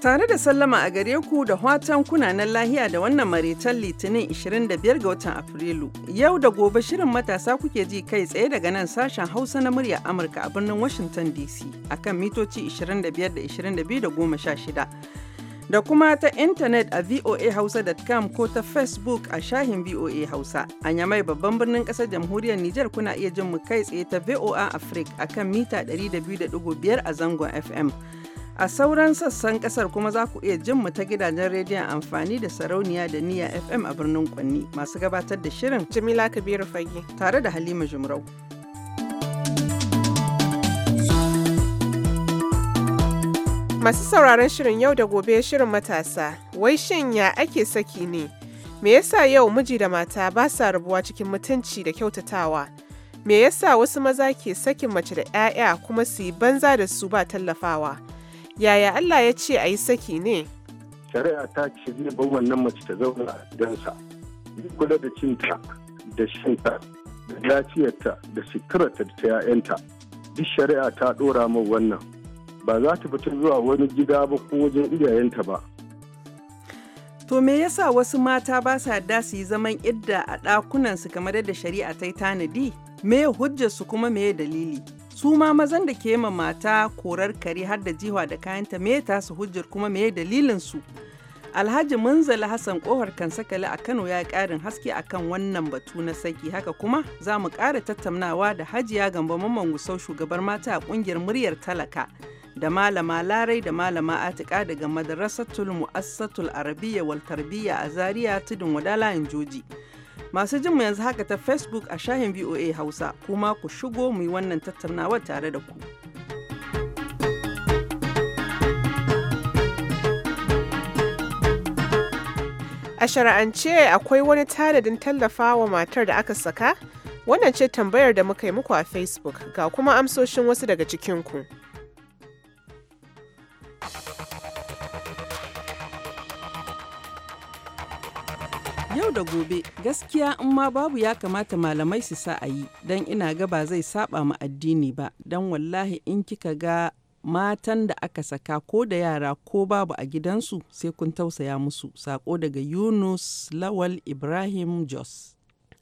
Tare da sallama a gare ku da watan kunanan lahiya da wannan maritan litinin 25 ga watan Afrilu. Yau da gobe shirin matasa kuke ji kai tsaye daga nan sashen Hausa na murya Amurka a birnin Washington DC akan mitoci 25 da 22 da Da kuma ta intanet a voahausa.com ko ta Facebook a shahin VOA Hausa. A yamai babban birnin ƙasar jamhuriyar Nijar kuna iya jin mu kai tsaye ta VOA Africa akan mita 102.5 a zangon FM. A sauran sassan kasar kuma za ku iya jin mu ta gidajen rediyon amfani da sarauniya da niya FM a birnin Kwanni masu gabatar da shirin Jamila Kabiru Fage tare da Halima Jumrau. Masu sauraron shirin yau da gobe shirin matasa, wai shin ya ake saki ne? Me yasa yau miji da mata ba sa rabuwa cikin mutunci da kyautatawa? Me yasa wasu maza ke sakin mace da 'ya'ya kuma su yi banza da su ba tallafawa? Yaya Allah ya ce a yi saki ne? Shari'a ta ce zai bar wannan mace ta zauna a gidansa. Kula da cinta da shanta da lafiyarta da suturarta da ta 'ya'yanta. Duk shari'a ta dora min wannan. Ba za ta fita zuwa wani gida ba ko wajen iyayenta ba. To me yasa wasu mata ba sa da su yi zaman idda a ɗakunansu kamar yadda shari'a ta tanadi? Me hujjarsu kuma me dalili? su ma mazan da ke ma mata korar kare har da jiwa da kayanta me ta su hujjar kuma me dalilin su alhaji munzali hassan kohar kansakali a kano ya karin haske akan wannan batu na saki haka kuma za mu ƙara tattaunawa da hajiya gamba mamman gusau shugabar mata a kungiyar muryar talaka da malama larai da malama atika daga madarasatul mu'assatul arabiya wal tarbiyya a zaria tudun wadala joji. joji Masu jin mu yanzu haka ta Facebook a shahin VOA Hausa kuma ku shigo mu yi wannan tattaunawar tare da ku. A shara'ance akwai wani tanadin tallafa wa matar da aka saka? Wannan ce tambayar da muka yi muku a Facebook ga kuma amsoshin wasu daga cikinku. Yau da gobe gaskiya in ma babu ya kamata malamai su sa a yi don ina ga ba zai saba ma addini ba don wallahi in kika ga matan da aka saka ko da yara ko babu a gidansu sai kun tausaya musu sako daga Yunus Lawal Ibrahim Jos.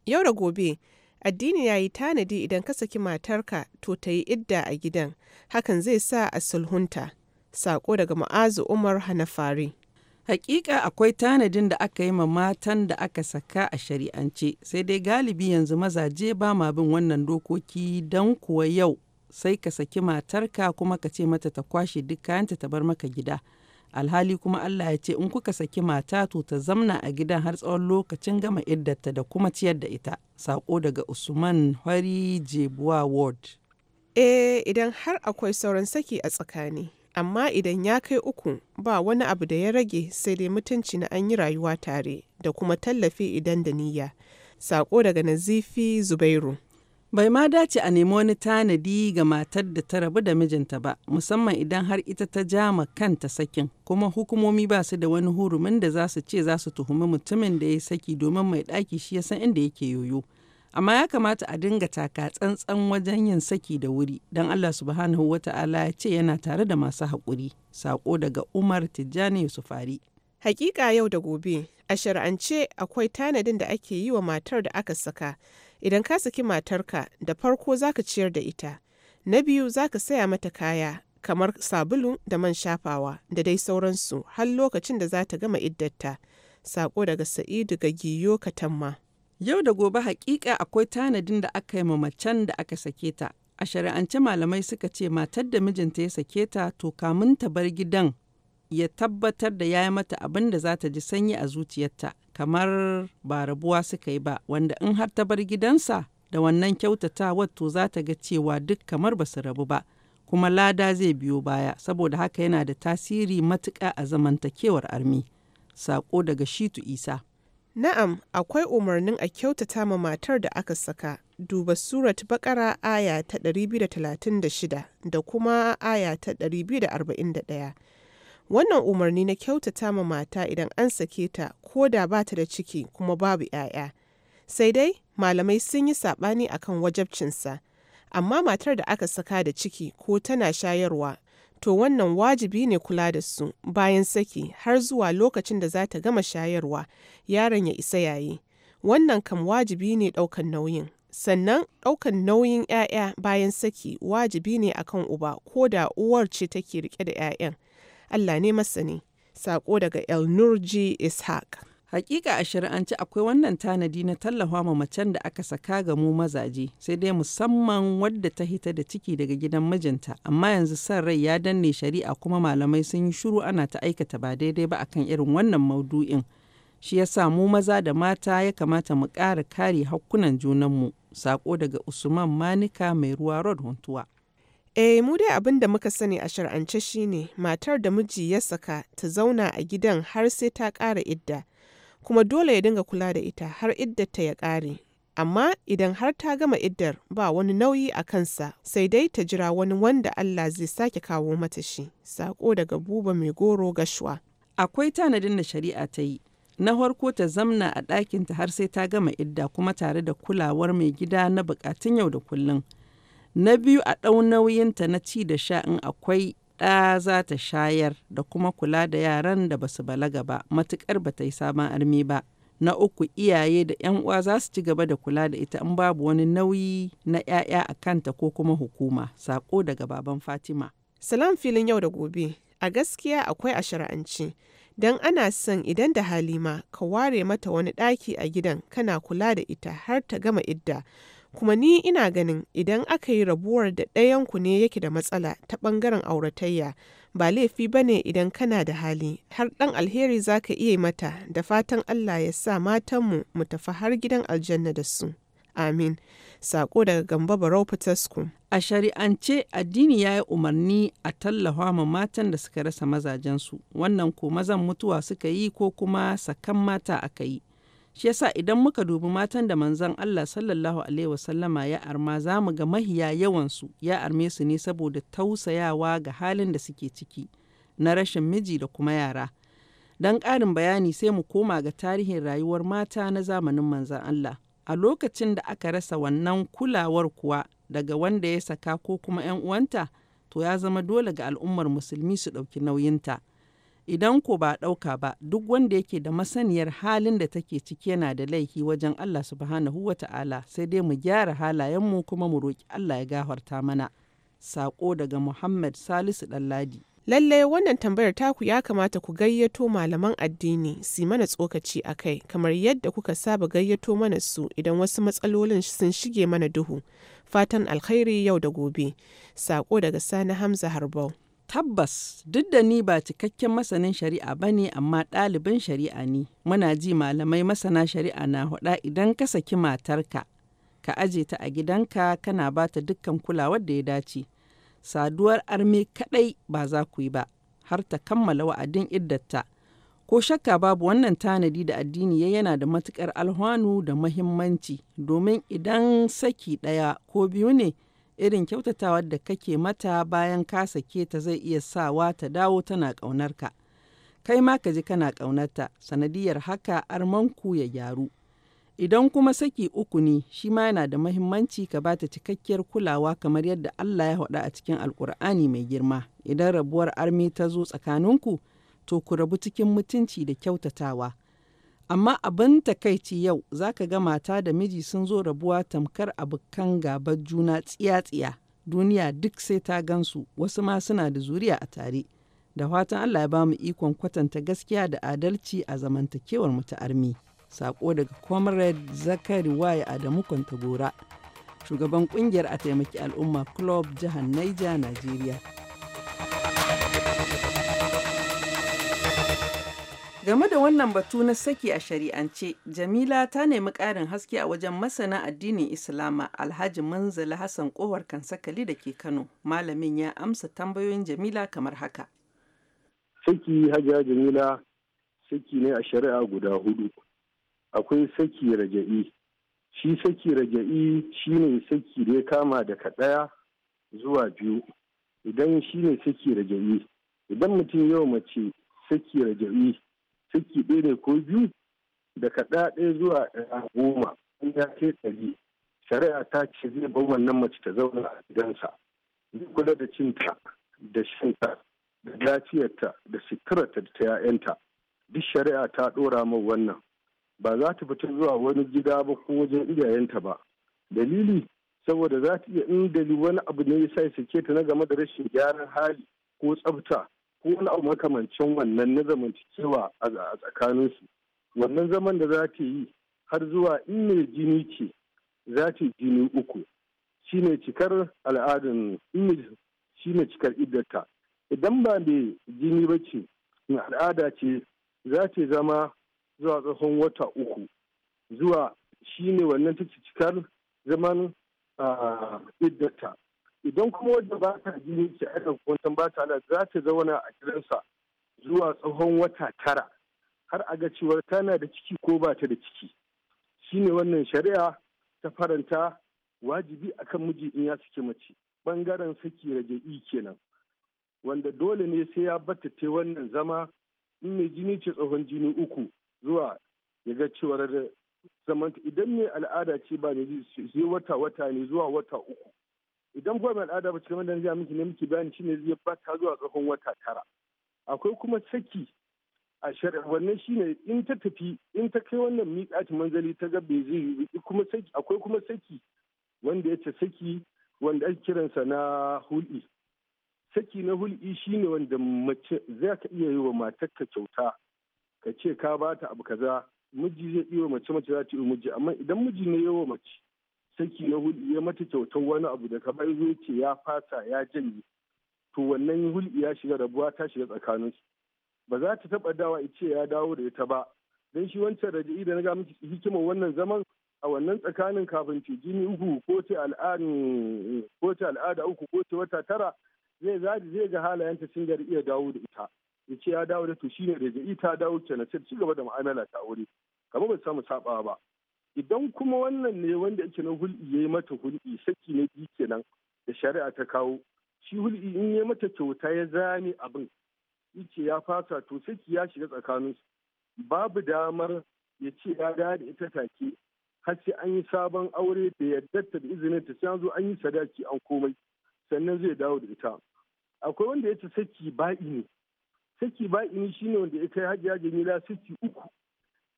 Yau da gobe addini ya yi tanadi idan ka saki matarka to ta yi idda a gidan hakan zai sa a sulhunta sako daga Ma'azu Umar Hanafari. Hakika akwai tanadin da aka yi ma matan da aka saka a shari'ance, sai dai galibi yanzu mazaje ba ma bin wannan dokoki don kuwa yau sai ka saki matarka kuma ka ce mata ta kwashe duk kayanta ta bar maka gida. alhali kuma Allah ya ce in kuka saki mata to ta zamna a gidan har tsawon lokacin gama iddarta da kuma ciyar da ita sako daga Usman hari Jebuwa Ward. Eh idan har akwai sauran saki a tsakani. amma idan ya kai uku ba wani abu da ya rage sai dai mutunci na an yi rayuwa tare da kuma tallafi idan da niyya sako daga nazifi zubairu bai ma dace a nemi wani tanadi ga matar da ta rabu da mijinta ba musamman idan har ita ta jama kanta sakin kuma hukumomi ba su da wani hurumin da za su ce za su tuhumi mutumin da ya saki domin mai ɗaki shi ya san inda yake yoyo amma ya kamata a dinga taka tsantsan wajen yin saki da wuri don Allah subhanahu ta'ala ya ce yana tare da masu haƙuri sako daga Umar Tijjani Yusufari. haƙiƙa yau da gobe a shari'ance akwai tanadin da ake yi wa matar da aka saka idan ka saki matarka da farko za ka ciyar da ita na biyu za ka saya mata kaya kamar sabulu da man shafawa da dai sauransu har lokacin da za ta gama iddarta sako daga Sa'idu ga Giyo Katamma. Yau da gobe hakika akwai tanadin da aka yi ma macen da aka sake ta. A shari'ance malamai suka ce matar da mijinta ya sake ta to kamun ta bar gidan ya tabbatar da ya yi mata abin da za ta ji sanyi a zuciyarta kamar ba rabuwa suka yi ba wanda in har ta bar gidansa da wannan kyautatawa to za ta ga cewa duk kamar ba su rabu ba kuma lada zai biyo baya saboda haka yana da tasiri matuƙa a zamantakewar armi. Sako daga Shitu Isa. Na'am, akwai umarnin a kyautata ma matar da aka saka, duba Surat Baƙara aya ta 236 da kuma aya ta 241. Wannan umarni na kyautata ma mata idan an sake ta ko da ba ta da ciki kuma babu ‘ya'ya. Sai dai, malamai sun yi saɓani akan wajabcinsa, amma matar da aka saka da ciki ko tana shayarwa to wannan wajibi ne kula da su bayan saki har zuwa lokacin da za ta gama shayarwa yaron ya isa yayi wannan kam wajibi ne ɗaukan nauyin sannan ɗaukan nauyin 'ya'ya bayan saki wajibi ne akan uba ko da uwar ce take rike da 'ya'yan allah ne masani sako daga elnurji ishaq Hakika a shari'ance akwai wannan tanadi na tallafa ma macen da aka saka ga mu mazaje, sai dai musamman wadda ta hita da ciki daga gidan mijinta, amma yanzu san rai ya danne shari'a kuma malamai sun yi shuru ana ta aikata ba daidai ba akan irin wannan maudu'in. Shi yasa mu maza da mata ya kamata mu ƙara kare hakkunan mu Sako daga Usman Manika mai ruwa Rod Huntuwa. Eh mu dai abin da muka sani a shari'ance shine matar da miji ya saka ta zauna a gidan har sai ta ƙara idda. kuma dole ya dinga kula da ita har iddarta ya ƙare. Amma idan har ta gama iddar ba wani nauyi a kansa sai dai ta jira wani wanda Allah zai sake kawo mata shi, Sako daga buba mai goro gashuwa. Akwai tanadin da shari'a ta yi, na harko ta zamna a ɗakinta har sai ta gama idda kuma tare da kulawar mai gida na buƙatun yau da kullum. Na biyu a ɗau nauyinta na ci da sha in akwai ɗa za ta shayar da kuma kula da yaran da basu balaga ba matuƙar ba ta yi sabon armi ba. Na uku iyaye da 'yan uwa za su ci gaba da kula da ita in babu wani nauyi na 'ya'ya a kanta ko kuma hukuma. Sako daga baban Fatima. Salam filin yau da gobe. A gaskiya akwai a shara'anci. don ana son idan da halima ka ware mata wani ɗaki a gidan kana kula da ita har ta gama idda kuma ni ina ganin idan aka yi rabuwar da ɗayanku ne yake da matsala ta ɓangaren auratayya ba laifi ba ne idan kana da hali har ɗan alheri za ka iya mata da fatan Allah ya sa matanmu mu tafi har gidan aljanna da su. Amin. Sako daga Gamba Barau Fitasku. A shari'ance addini ya yi umarni a tallafa ma matan da suka rasa mazajensu, wannan ko mazan mutuwa suka yi ko kuma sakan mata aka yi. Shi yasa idan muka dubi matan da manzan Allah sallallahu alaihi wasallama ya arma za mu ga mahiya yawansu ya arme su ne saboda tausayawa ga halin da suke ciki na rashin miji da kuma yara. Don ƙarin bayani sai mu koma ga tarihin rayuwar mata na zamanin Manzan Allah. A lokacin da aka rasa wannan kulawar kuwa daga wanda ya saka ko kuma 'yan uwanta, to ya zama dole ga al'ummar musulmi su ɗauki nauyinta. Idan ko ba ɗauka ba, duk wanda yake da masaniyar halin da take ciki yana da laifi wajen Allah subhanahu wa ta'ala sai dai mu gyara halayenmu kuma mu roki Allah ya gafarta mana. Sako daga Muhammad Salisu Ɗanladi. lallai wannan tambayar taku ya kamata ku gayyato malaman addini su mana tsokaci a kai kamar yadda kuka saba gayyato mana su idan wasu matsalolin sun shige mana duhu fatan alkhairi yau da gobe sako daga sani hamza harbau Tabbas, duk da ni ba cikakken masanin shari'a ba ne amma ɗalibin shari'a ne, muna ji malamai masana shari'a na huɗa idan ka saki matarka, ka aje ta a gidanka kana ba ta dukkan kulawar da ya dace. Saduwar arme kaɗai ba za ku yi ba, har ta kammala wa'adin iddata Ko shakka babu wannan tanadi da addini ya yana da matuƙar alhwanu da mahimmanci, domin idan saki ɗaya ko biyu ne, irin kyautatawar da kake mata bayan ka sake ta zai iya sawa ta dawo tana ka Kai ma ka ji kana ta sanadiyar haka armanku ya gyaru. Idan kuma saki uku ne, shi ma yana da mahimmanci ka bata cikakkiyar kulawa kamar yadda Allah ya haɗa a cikin Alƙur'ani mai girma. Idan rabuwar armi ta zo tsakaninku, to ku rabu cikin mutunci da kyautatawa. Amma abin takaici yau za ka ga mata da miji sun zo rabuwa tamkar abokan gabar juna tsiya-tsiya. Duniya duk sai ta gansu, wasu ma suna da zuriya a tare. Da fatan Allah ya bamu ikon kwatanta gaskiya da adalci a zamantakewar mu ta armi. Sako daga Comrade Zakari Waye Adamu Kwantagora, shugaban kungiyar a taimaki al'umma Club jihar Niger, Najeriya. Game da wannan batu na saki a shari'ance, Jamila ta nemi ƙarin haske a wajen masana addinin Islama Alhaji Manzala Hassan kowar Kansakali da ke Kano. Malamin ya amsa tambayoyin Jamila kamar haka. Saki Hajiya Jamila saki ne a shari'a guda hudu. Akwai saki raja'i. Shi saki raja'i shi ne saki da ya kama daga ɗaya zuwa biyu. Idan shi ne saki raja'i. Idan mutum yau mace saki raja'i ciki ɗaya ne ko biyu da zuwa ɗaya zuwa goma in ya ke ɗari shari'a ta ce zai bar wannan mace ta zauna a gidansa zai kula da cinta da shinta da lafiyarta da suturarta da ta 'ya'yanta duk shari'a ta ɗora min wannan ba za ta fita zuwa wani gida ba ko wajen iyayenta ba dalili saboda za ta iya in dali wani abu ne ya sa ya sake ta na game da rashin gyaran hali ko tsafta ko wani abu makamancin wannan na zamantakewa a tsakaninsu wannan zaman da za ta yi har zuwa in mai jini ce za ta yi jini uku shine cikar al'adun shine cikar iddata idan ba mai jini ba ce al'ada ce za ta zama zuwa tsohon wata uku zuwa shine wannan ta cikar zaman iddata idan kuma wanda ba ta jini ce a kwanton ba ta za ta zauna a gidansa zuwa tsawon wata tara har a ga cewar tana da ciki ko ba ta da ciki shine wannan shari'a ta faranta wajibi akan miji in ya suke mace bangaren saki raja'i kenan wanda dole ne sai ya battace wannan zama in mai jini ce tsohon jini uku zuwa ya ga cewar Zamanta idan mai al'ada ce ba ne zai wata wata ne zuwa wata uku idan kuwa al'ada ba cikin da miki ne miki bayani shine zai ta zuwa tsawon wata tara akwai kuma saki a shari'a wannan shine in ta tafi in ta kai wannan miƙaci manzali ta ga bai zai kuma saki akwai kuma saki wanda yace saki wanda ake kiransa na hul'i saki na hul'i shine wanda mace za ka iya yi wa matarka kyauta ka ce ka bata abu kaza miji zai iya wa mace mace za ta yi miji amma idan miji ne yawa mace saki ya hulɗi ya mata kyautar wani abu da kamar zai ce ya fasa ya janye to wannan hulɗi ya shiga rabuwa ta shiga tsakanin su ba za ta taɓa dawa ice ya dawo da ita ba don shi wancan raja'i da na ga miki hikimar wannan zaman a wannan tsakanin kafin ce jini uku ko ce al'ada uku ko ce wata tara zai zaji zai ga halayenta sun gari iya dawo da ita ya ce ya dawo da to shine raja'i ta dawo kenan sai ci gaba da mu'amala ta aure kamar ba samu sabawa ba idan kuma wannan ne wanda yake na hulɗi ya yi mata hulɗi saki na biyu kenan da shari'a ta kawo shi hulɗi in ya mata kyauta ya zane abin yake ya fasa to saki ya shiga tsakaninsu babu damar ya ce ya da ita take har sai an yi sabon aure da ta da izinin ta sai zo an yi sadaki an komai sannan zai dawo da ita akwai wanda yace saki ba'i ne saki ba'i ne shine wanda ya kai hajiya jamila saki uku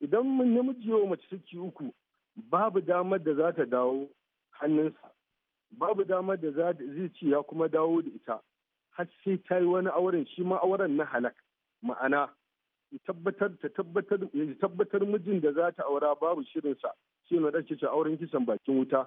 idan mun namiji yawa mace saki uku babu damar da za ta dawo hannunsa babu damar da zai ce ya kuma dawo da ita har sai ta yi wani auren shi ma auren na halak ma'ana ya tabbatar mijin da za ta aura babu shirinsa shi ne da ce auren kisan bakin wuta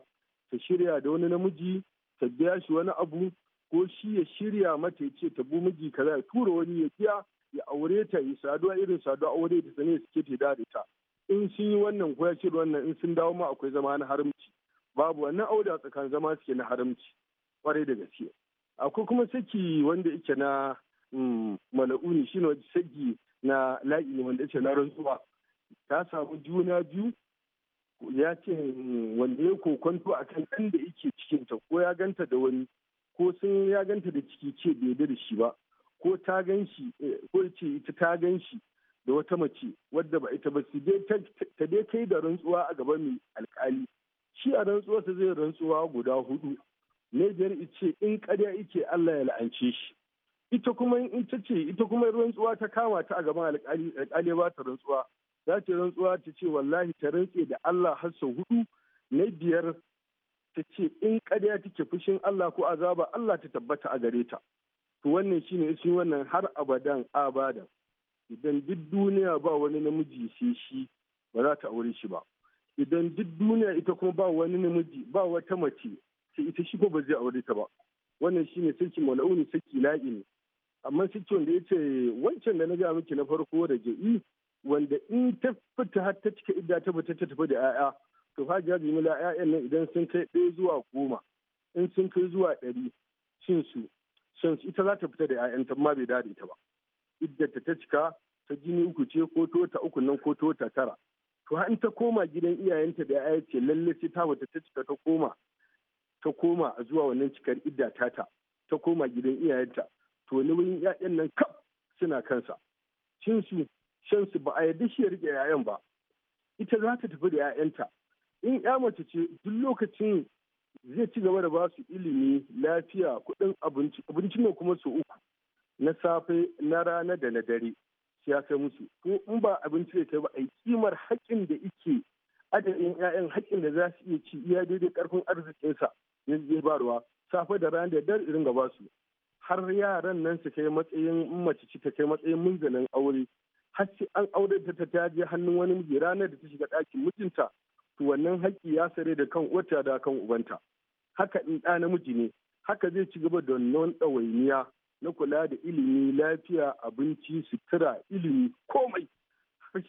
ta shirya da wani namiji ta biya shi wani abu ko shi ya shirya mata ya ce ta bu miji kaza ya tura wani ya biya ya aure ta ya saduwa irin saduwa aure ta sane ya suke ta da ta in sun yi wannan ko ya ce wannan in sun dawo ma akwai zama na haramci babu wannan auda tsakanin zama suke na haramci kwarai da gaske akwai kuma saki wanda yake na mm, mala'uni shine wani saki na la'i wanda yake na rantsuwa ta samu juna biyu ya ce mm, wanda ya kokonto a kan ɗan da yake cikinta ko ya ganta da wani ko sun ya ganta da ciki ce bai da shi ba ko ta gan eh, ko ce ita ta gan shi da wata mace wadda ba ita ba su ta dai kai da rantsuwa a gaban mai alkali shi a rantsuwa ta zai rantsuwa guda hudu na biyar ice in karya ike Allah ya la'ance shi ita kuma in ta ce ita kuma rantsuwa ta kama ta a gaban alkali alkali ba ta rantsuwa za ta rantsuwa ta ce wallahi ta rantse da Allah har sau hudu na biyar ta ce in karya take fushin Allah ko azaba Allah ta tabbata a gare ta to wannan shine shi wannan har abadan abadan idan duk duniya ba wani namiji sai shi ba za ta aure shi ba idan duk duniya ita kuma ba wani namiji ba wata mace sai ita shi ko ba zai aure ta ba wannan shine saki mala'uni saki ne amma saki wanda ce wancan da na ga miki na farko da ja'i wanda in ta fita har ta cika idda ta fita ta tafi da 'ya'ya to fa jabi mila 'ya'yan nan idan sun kai ɗaya zuwa goma in sun kai zuwa ɗari shin su ita za ta fita da 'ya'yanta ma bai da ta ba iddata ta cika ta jini uku ce ko tota uku nan ko tota tara to in ta koma gidan iyayenta da ya ce lalle sai ta wata ta cika ta koma ta koma zuwa wannan cikar idda ta ta koma gidan iyayenta to ni wurin 'ya'yan nan kaf suna kansa cin su shan su ba a yarda shi ya rike 'ya'yan ba ita za ta tafi da 'ya'yanta in 'ya mace ce duk lokacin zai ci gaba da ba su ilimi lafiya kuɗin abinci abinci ne kuma su na safe na rana da na dare shi ya kai musu ko in ba abinci da ta ba ai kimar haƙƙin da ike adadin 'ya'yan haƙƙin da za su iya ci iya daidai ƙarfin arzikinsa ya ba ruwa safe da rana da dare irin gaba su har yaran nan su kai matsayin mace ci ta kai matsayin munzalin aure har sai an aure ta ta hannun wani miji ranar da ta shiga ɗakin mijinta to wannan haƙƙi ya sare da kan uwarta da kan ubanta haka in ɗa namiji ne haka zai ci gaba da wannan ɗawainiya na kula da ilimi lafiya abinci sutura ilimi komai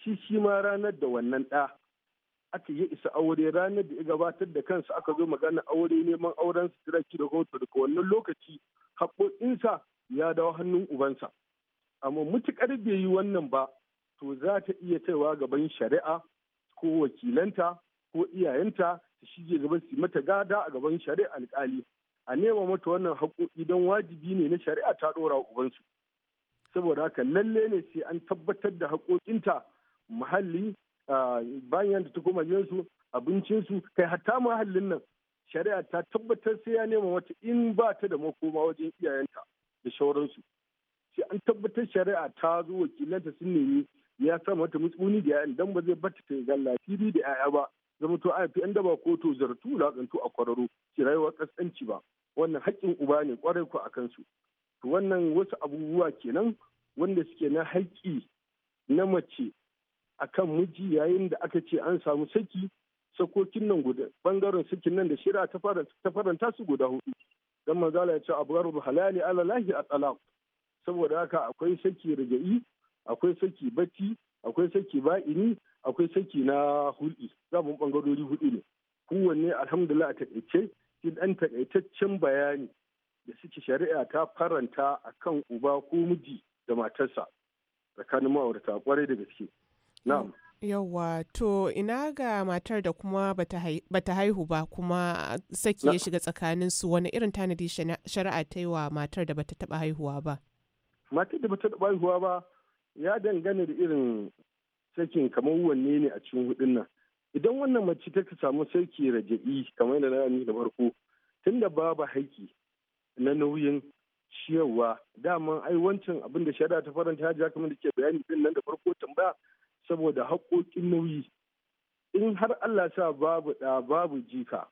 shi shi ma ranar da wannan ɗa aka yi isa aure ranar da ya gabatar da kansa aka zo magana aure neman auren sutura ki da hoto daga wannan lokaci haƙoƙinsa ya dawo hannun ubansa amma mutuƙar bai yi wannan ba to za ta iya taiwa gaban shari'a ko wakilanta ko iyayenta shi shige gaban su mata gada a gaban shari'a alƙali a nema mata wannan haƙoƙi don wajibi ne na shari'a ta ɗora ubansu saboda haka lalle ne sai an tabbatar da haƙoƙinta muhalli bayan da ta koma gidansu abincinsu kai hatta muhallin nan shari'a ta tabbatar sai ya nema mata in ba ta da makoma wajen iyayenta da shauransu sai an tabbatar shari'a ta zo wakilanta sun nemi ya sa mata mutsuni da yayan dan ba zai bata ta ga lafiri da yaya ba zama to ayafi an daba to zartu lakantu a kwararo shi rayuwar kasanci ba wannan haƙƙin uba ne kwarai ku a kansu to wannan wasu abubuwa kenan wanda suke na haƙƙi na mace a kan miji yayin da aka ce an samu saki sakokin nan guda bangaren sakin nan da shira ta faranta su guda hudu don manzala ya ce abu halali ala lahi a tsala saboda haka akwai saki rigai akwai saki bacci akwai saki ba'ini akwai saki na hulɗi zaɓin bangarori hudu ne kowanne alhamdulillah a taƙaice cikin ɗan takaitaccen bayani da suke shari'a ta faranta a kan uba ko miji da matarsa tsakanin ma'aurata kwarai da gaske. Na'am. Yawwa to ina ga matar da kuma bata haihu ba kuma saki ya shiga tsakanin su wani irin tanadi shari'a ta yi wa matar da bata taba haihuwa ba. Matar da bata taba haihuwa ba ya dangana da irin sakin kamar wanne ne a cikin huɗun nan. idan wannan mace ta samu sarki raja'i kamar da na da farko tunda babu haiki na nauyin ciyarwa dama ai wancan abin da shari'a ta faranta ja kamar da ke bayani din nan da farko tambaya saboda haƙoƙin nauyi in har Allah sa babu da babu jika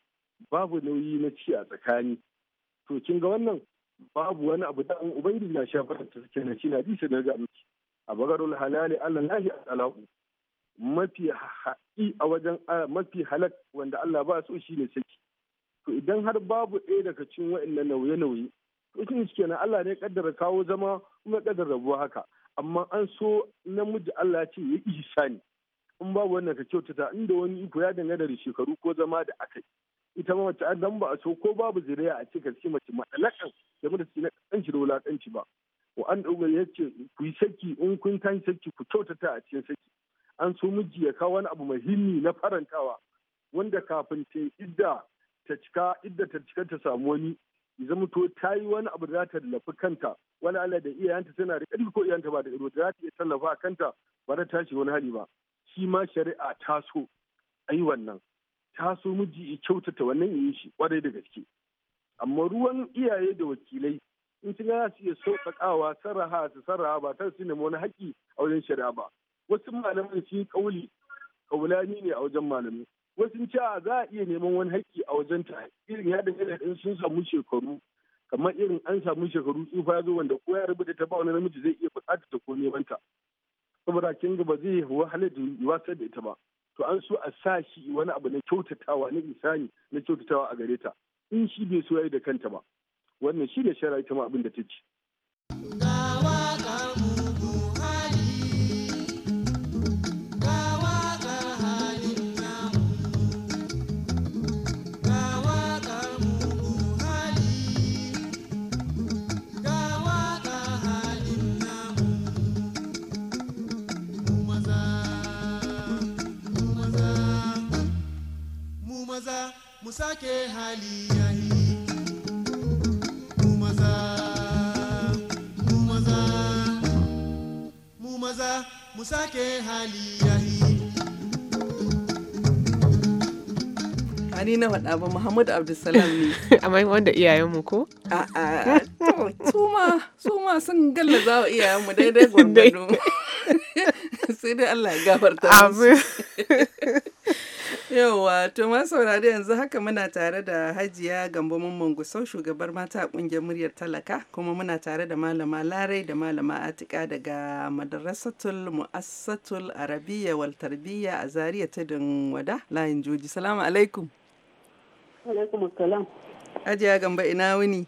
babu nauyi na ci a tsakani to kin ga wannan babu wani abu da ubangiji na shafar ta na shi na bisa na ga miki a bagarul halali Allah lahi alaku mafi haƙi a wajen mafi halak wanda Allah ba so shi ne saki to idan har babu ɗaya daga cikin waɗannan nauye-nauye to shi kenan Allah ne kaddara kawo zama kuma kaddara rabuwa haka amma an so namiji Allah ce ya isa ne in babu wannan ka kyautata inda wani iko ya dangana da shekaru ko zama da aka yi ita ma mace an ba a so ko babu zuriya a cikin cikin mace matsalakan game da na kanci da wulakanci ba wa an ɗaukar ya ce ku yi saki in kun kan saki ku kyautata a cikin saki an so miji ya kawo wani abu muhimmi na farantawa wanda kafin ta idda ta cika idda ta cika ta samu wani ya zama ta yi wani abu da za ta tallafi kanta wani ala da iyayenta tana da ƙarfi ko iyayenta ba da ƙarfi za ta iya tallafa kanta ba ta tashi wani hali ba shi ma shari'a ta so a yi wannan ta so miji ya kyautata wannan ya yi shi kwarai da gaske amma ruwan iyaye da wakilai in sun ga su iya sauƙaƙawa sarraha su sarraha ba ta su nemi wani haƙƙi a wajen shari'a ba wasu malaman yi kauli kaulani ne a wajen malamai wasu ce za a iya neman wani haƙƙi a wajen ta irin ya dangana in sun samu shekaru kamar irin an samu shekaru tsufa ya zo wanda ko ya rubuta ta ba wani namiji zai iya buƙatar ta ko neman ta saboda kin ga ba zai wahala da wasa da ita ba to an so a sa shi wani abu na kyautatawa na isani na kyautatawa a gare ta in shi bai so ya yi da kanta ba wannan shi ne shara ita ma abin da ce. ke hali yayi mu maza mu maza mu hali yayi ni na faɗa ba Muhammad Abdulsalam ne. Amma wanda iyayenmu ko? A'a, su ma su ma sun gallaza wa iyayenmu daidai gwangwado. Sai dai Allah ya gafarta musu. Yauwa, to ma saurari yanzu haka muna tare da Hajiya Gambo Mamman sau shugabar mata kungiyar muryar talaka kuma muna tare da malama Larai da malama Atika daga Madrasatul Mu'assatul Arabiya wal Tarbiyya a Zariya Tudun Wada layin Joji. Salamu alaikum. Alaikum assalam. Hajiya Gambo ina wuni?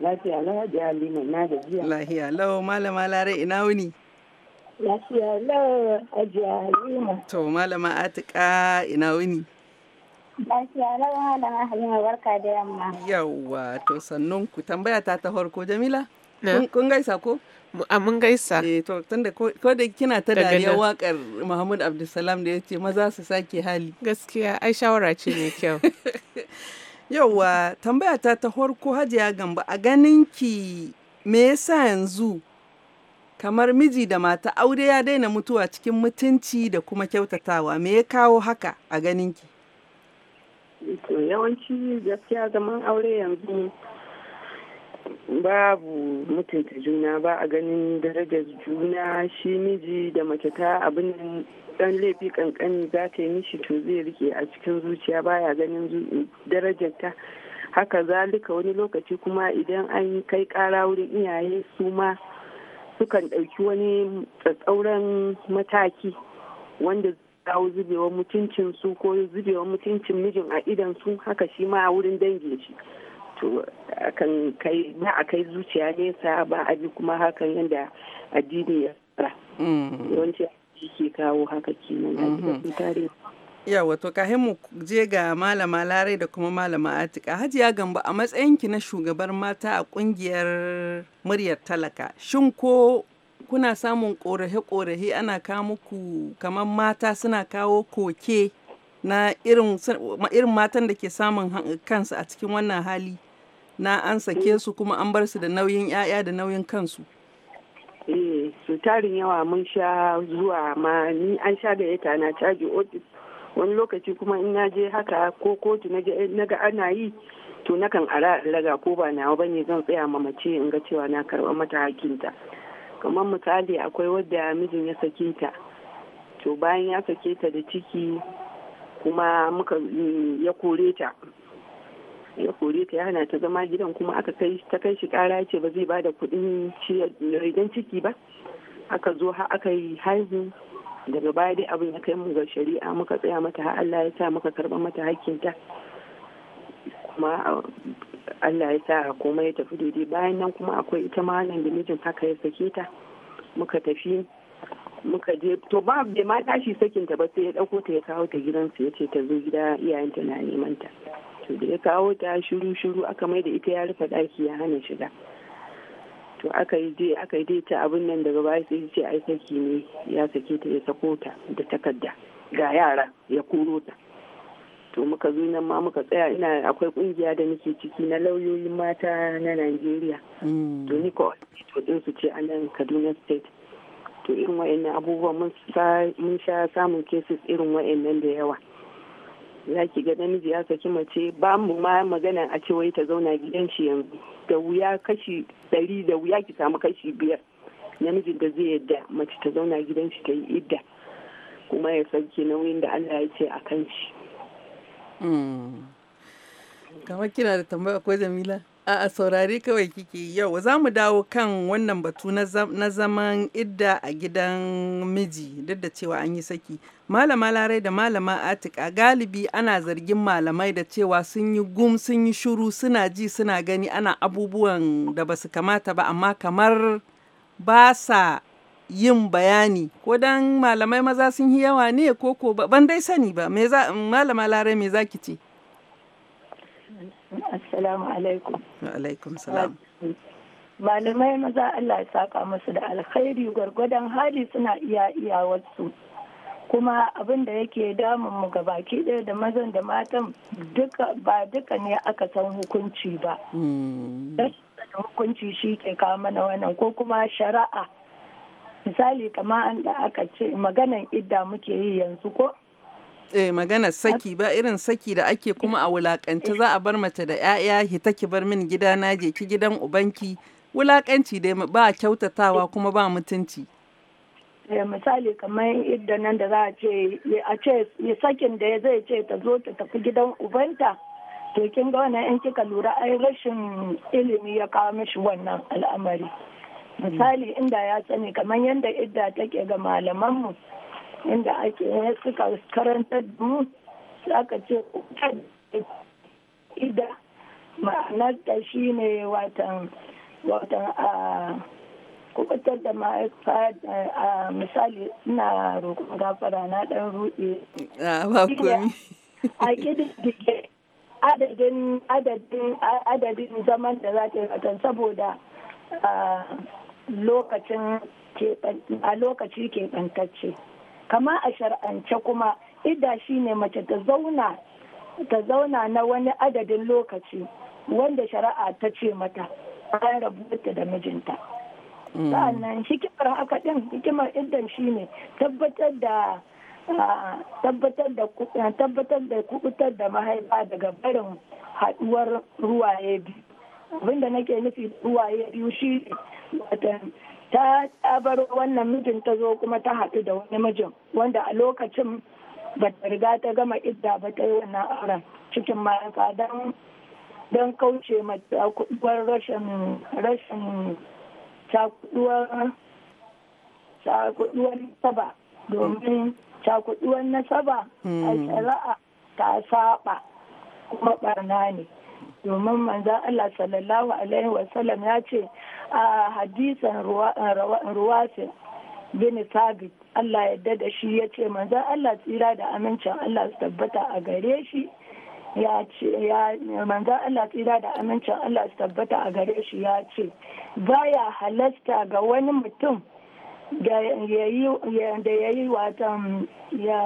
Lafiya lau Hajiya Halima na da jiya. Lafiya lau malama Larai ina wuni? Lafiya lau Hajiya Halima. To Malama Atika ina wuni. Lafiya lau Malama Halima barka da yamma. Yawwa to sannun ku tambaya ta ta farko Jamila. Kun gaisa ko? A mun gaisa. Eh to tunda ko da kina ta dariya wakar Muhammad Abdulsalam da ya ce maza su sake hali. Gaskiya ai shawara ce mai kyau. Yawwa tambaya ta ta farko Hajiya Gambo a ganin ki me yasa yanzu kamar miji da mata aure ya daina mutuwa cikin mutunci da kuma kyautatawa me ya kawo haka a ganinki to yawanci gaskiya zaman aure yanzu babu mutunta juna ba a ganin darajar juna shi miji da mace ta abin dan laifi kankani za ta yi mishi to zai rike a cikin zuciya baya ganin darajar ta haka zalika wani lokaci kuma idan an kai kara wurin iyaye su ma sukan ɗauki wani tsatsauran mataki wanda kawo zubewar mutuncin su ko zubewar mutuncin mijin a idan su haka shi ma a wurin dangin shi to akan kai ba a kai zuciya nesa ba a bi kuma hakan yadda addini ya tsara mm. yawanci ke kawo haka kenan a gidan mm-hmm. tarihi Yawa to ka mu je ga malama Larai da kuma malama Atika. Hajiya Gambo a matsayinki na shugabar mata a kungiyar muryar talaka. Shin ko kuna samun korahe-korahe ana kawo muku kamar mata suna kawo koke na irin, matan da ke samun kansu a cikin wannan hali na an sake su kuma an bar su da nauyin 'ya'ya da nauyin kansu. Eh, su yawa mun sha zuwa ma ni an sha gayyata na caji ofis wani lokaci kuma in na je haka ko kotu na ga ana yi to nakan ara raga ko ba nawa bane zan tsaya ma mace in ga cewa na karɓa mata hakinta kamar misali akwai wadda mijin ya sake ta to bayan ya sake ta da ciki kuma muka mm, ya kore ta ya kore ta yana ta zama gidan kuma aka kai ta kai shi kara ce ba zai bada kuɗin rigan ciki ba aka zo ha aka yi haihu daga baya dai abin ya kai mu ga shari'a muka tsaya mata har Allah ya sa muka karɓa mata hakkinta kuma ah, Allah ya sa komai ya tafi daidai bayan nan kuma akwai ita nan da mijin haka ya sake ta muka tafi muka je to ba bai ma tashi sakin ta ba sai ya dauko ta ya kawo ta gidansu ya ce ta zo gida iyayenta na neman ta to da ya kawo ta shiru shiru aka mai da ita ya rufe daki ya hana shiga to aka yi je aka yi dai ta abin nan daga baya sai ce ai saki ne ya sake ta ya sako ta da takarda ga yara ya kuro ta to muka zo nan ma muka tsaya ina akwai kungiya da nake ciki na lauyoyin mata na Najeriya mm. to ni ko to din su ce a nan Kaduna state to irin wayannan abubuwan mun sha samun cases irin wayannan da yawa za ki ga namiji ya saki mace ba mu ma magana a ce wai ta zauna gidan shi yanzu da wuya kashi ɗari da wuya ki samu kashi biyar namijin da zai yadda mace ta zauna gidan shi ta yi idda kuma ya sauke nauyin da Allah ya ce a kan shi. Hmm. kamar kina da tambaya akwai jamila? A'a saurari kawai kike yau za mu dawo kan wannan batu na zaman idda a gidan miji duk da cewa an yi saki. Malama Larai da Malama Atika galibi ana zargin malamai da cewa sun yi gum sun yi shuru suna ji suna gani ana abubuwan da ba su kamata ba amma kamar ba sa yin bayani ko dan malamai maza sun yi yawa ne ko ko ban dai sani ba malama Larai me zaki ce? Assalamu alaikum. Wa alaikum salam. Malamai maza Allah ya saka musu da alkhairi gwargwadon hali suna iya iyawarsu. Kuma abin da yake damun mu ga baki ɗaya da mazan da matan ba duka ne aka san hukunci ba. Hmm. hukunci shi ke kama na wannan ko kuma shari'a. Misali kama an da aka ce maganan idda muke yi yanzu ko? eh magana saki ba irin saki da ake kuma a wulakanci za a bar mace da 'ya'ya hita ki bar min gida na je ki gidan ubanki wulakanci dai ba kyautatawa kuma ba mutunci eh, misali kamar yadda nan da za a ce a ce sakin da zai ce ta zo ta tafi gidan ubanta to kin ga wannan in kika lura ai rashin ilimi ya kawo mishi wannan al'amari misali inda ya sani kamar yadda idda take ga malamanmu inda ake suka karanta da mu aka ce ida ma'anar da shi ne watan watan a kubutar da ma'aifa a misali ina roƙon gafara na ɗan ruɗe a ƙididdige adadin adadin zaman da za ta yi watan saboda lokacin a lokaci keɓantacce kama a shar'ance kuma ida ne mace ta zauna ta zauna na wani adadin lokaci wanda shari'a ta ce mata bayan rabuwa da mijinta mm. sa'annan hikimar haka din hikimar idan shi ne, tabbatar da ah, eh, tabbatar da kubutar da mahaifa daga barin haduwar ruwaye biyu abinda nake nufi ruwaye biyu shi ne. ta bar wannan mijin ta zo kuma ta haɗu da wani mijin wanda a lokacin ba ta riga ta gama idda ba ta yi wannan auren cikin mayaka don kauce ma rashin rashin takuduwar nasaba domin takuduwar nasaba a hmm. shari'a ta saba kuma barna ne domin manzan Allah sallallahu alaihi wasallam ya ce a hadisan ruwasin bin sabit Allah yadda da shi ya ce manzan Allah tsira da amincin Allah su tabbata a gare shi ya ce manzan Allah tsira da amincin Allah su tabbata a gare shi ya ce baya halasta ga wani mutum da ya yi watan ya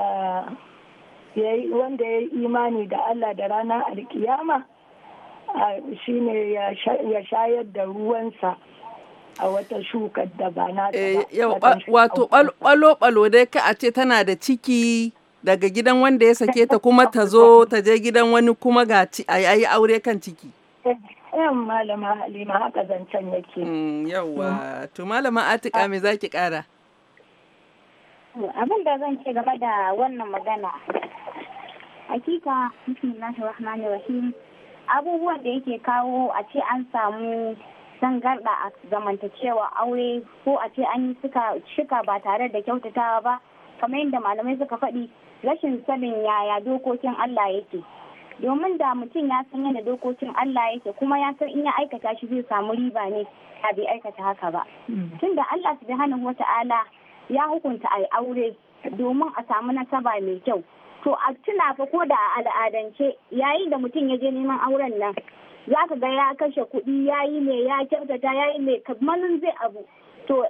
wanda ya yi imani da Allah da ranar alkiyama shi ne ya shayar da ruwansa a wata shukar da ba na ta eh, wato ɓalo-ɓalo dai ka a ce tana da ciki daga gidan wanda ya sake ta kuma ta zo ta je gidan wani kuma ga a yi aure kan ciki. Yan eh, eh, malama Halima haka zancen yake. Mm, Yawwa, to malama Atika me zaki kara? Abin da zan ce game da wannan magana. Hakika, bismillahir rahmanir rahim. abubuwan da yake kawo a ce an samu zangarɗa a zamantacewa aure ko a ce an yi shika ba tare da kyautatawa ba kamar yadda malamai suka faɗi rashin sanin yaya dokokin Allah yake domin da mutum ya san yadda dokokin Allah yake kuma ya san in ya aikata shi zai samu riba ne a bai aikata haka ba hmm. tunda Allah subhanahu wata'ala ya hukunta a aure domin a samu nasaba mai kyau to a tuna fa ko da al'adance yayin da mutum ya je neman auren nan za ka ga ya kashe kuɗi ya yi mai ya kyautata ya yi mai kamalin zai abu to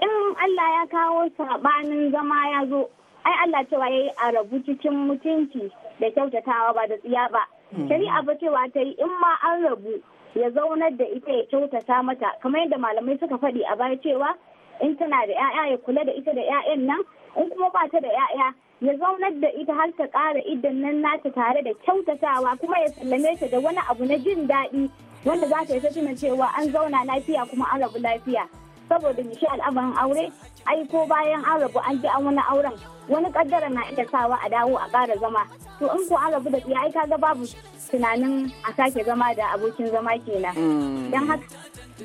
in Allah ya kawo saɓanin zama ya zo ai Allah cewa ya yi a rabu cikin mutunci da kyautatawa ba da tsiya ba mm. shari'a ba cewa ta yi in ma an rabu ya zaunar da ita ya kyautata mata kamar yadda malamai suka faɗi a baya cewa in tana da 'ya'ya ya kula da ita da 'ya'yan nan in kuma ba ta da 'ya'ya ya zaunar da ita har ta kara idan nan nata tare da kyautatawa kuma ya sallame ta da wani abu na jin daɗi wanda za ta yi ta tuna cewa an zauna lafiya kuma an rabu lafiya saboda nishi al'amarin aure ai ko bayan an rabu an ji an wani auren wani kaddara na iya sawa a dawo a kara zama to in ko an rabu da ya ai kaga babu tunanin a sake zama da abokin zama kenan mm. don haka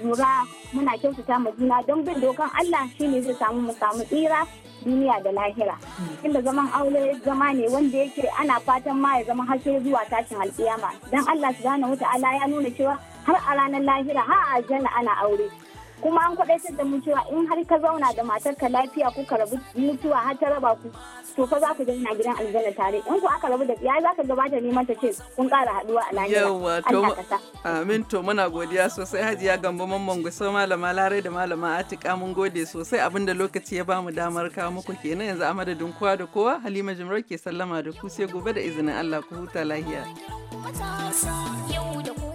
lura muna kyautata ma juna don bin dokan Allah shine zai samu mu samu tsira duniya da lahira inda zaman aure zama ne wanda yake ana fatan ma ya zama sai zuwa tashin alkiyama dan Allah subhanahu wataala ya nuna cewa har a ranar lahira har a ana aure kuma an kwaɗa da mu in har ka zauna da matarka lafiya kuka rabu mutuwa har ta raba ku to fa za ku zauna gidan aljanna tare in ku aka rabu da ya za ka gabata neman ta ce kun ƙara haɗuwa a lafiya yawa to amin to muna godiya sosai hajiya gambo mamman gusau malama larai da malama atika mun gode sosai abinda lokaci ya bamu damar kawo muku kenan yanzu a madadin kowa da kowa halima jimrar ke sallama da ku sai gobe da izinin Allah ku huta lahiya. Yau da